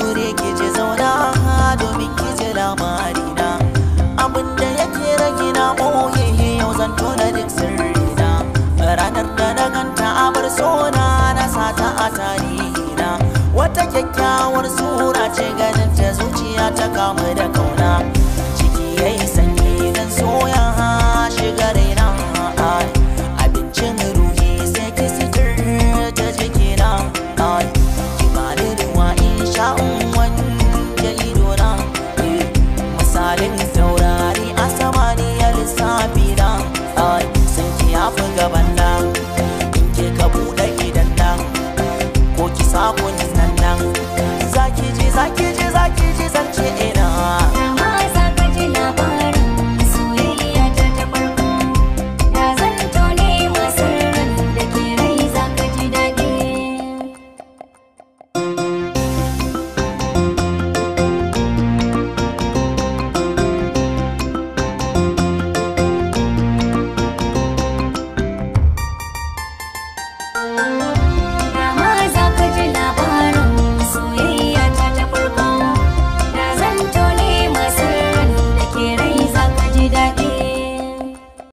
aure ki je zauna domin ki je labari na abinda yake rage na boye yau zan tona duk sirri na ranar da na ganta bar sona na sata a tarihi na wata kyakkyawar sura ce ganin ta zuciya ta kamu da kawai